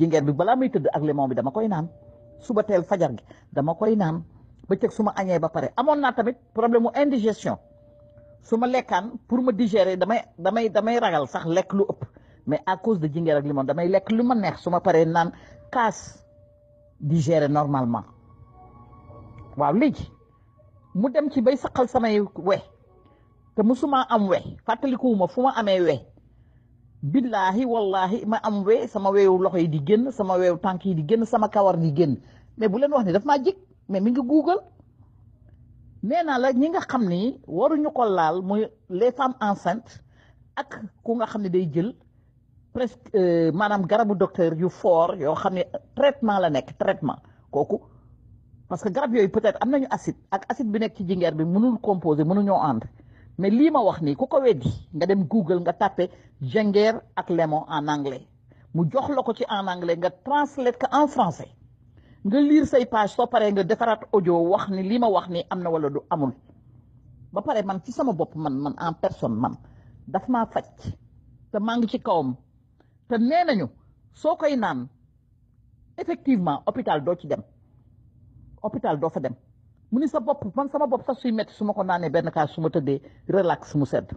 jingeer bi bala muy tëdd ak lemon bi dama koy naan suba tel fajar gi dama koy naan ba tek Suma agné ba pare amon na tamit problème indigestion suma lekkan pour ma digérer damay damay damay ragal sax lek lu upp mais à cause de jingeer ak lemon damay lek lu ma neex suma ma naan kaas digérer normalement waaw léegi mu dem ci bay saxal samay we te musuma am we fàttalikuwuma fuma ame amee we billaahi wallaahi ma am wee sama weewu loxo yi di génn sama weewu tànk yi di génn sama kawar di génn mais bu leen wax ni daf maa jig mais mi ngi google nee naa la ñi nga xam ni waruñu ko laal muy les femmes enceintes ak ku nga xam ne day jël presque euh, maanaam garabu docteur yu foor yoo xam ne traitement la nekk traitement kooku parce que garab yooyu peut-être am nañu acide ak acide bi nekk ci jingeer bi mënul composer mënuñoo ànd mais lii ma wax nii ku ko weddi nga dem Google nga tàppe Gengère ak Lemon en anglais mu jox la ko ci en anglais nga translate ko en français nga liir say page soo paree nga defaraat ojo wax ni lii ma wax nii am na wala du amul ba pare man ci sama bopp man man en personne man daf maa faj te maa ngi ci kawam te nee nañu soo koy naan effectivement hôpital doo ci dem hôpital doo fa dem mu ni sa bopp man sama bopp sa suy metti su ma ko naanee benn kaas suma ma tëddee relax mu sedd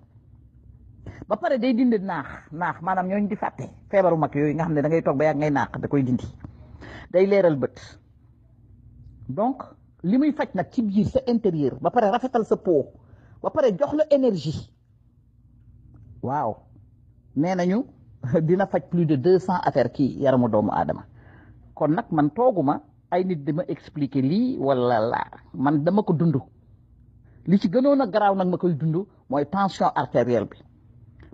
ba pare day dindi naax naax maanaam ñooñu di fàtte feebaru mag yooyu nga xam ne da ngay toog ba yàgg ngay naax da koy dindi day leeral bët donc li muy faj nag ci biir sa intérieur ba pare rafetal sa po ba pare jox la énergie waaw nee nañu dina faj plus de deux cent affaires kii yaramu doomu aadama kon nag man tooguma ay nit dama expliquer li wala la man dama ko li ci gënon a graw nak tension artérielle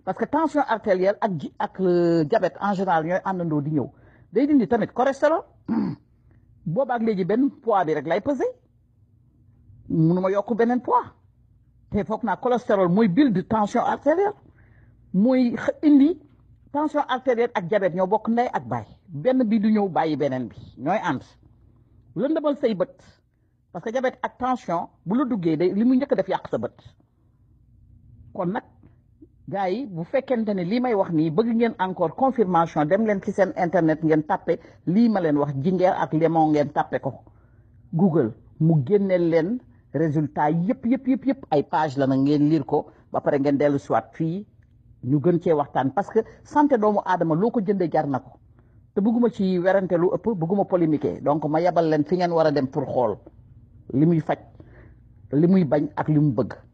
parce que tension artérielle ak ak euh, diabète en général ñoy andando di ñew day dindi tamit cholestérol ak léegi benn poids bi rek lay pesé ma poids té fokk cholestérol build tension artérielle moy indi tension artérielle ak diabète ñoo bokk nday ak bay benn bi du ñew bi lëndëmal say bët parce que diabète ak tension bu la duggee day li mu njëkk def yàq sa bët kon nag gars yi bu fekkente ne lii may wax nii bëgg ngeen encore confirmation dem leen ci seen internet ngeen tàppe lii ma leen wax jingeer ak lemon ngeen tàppe ko Google mu génneel leen résultat yëpp yëpp yëpp yëpp ay page la na ngeen liir ko ba pare ngeen dellu siwaat fii ñu gën cee waxtaan parce que santé doomu aadama loo ko jëndee jar na ko te bëgguma ci werante lu ëpp bëgguma polémiquer donc ma yebal leen fi ngeen war a dem pour xool li muy faj li muy bañ ak li mu bëgg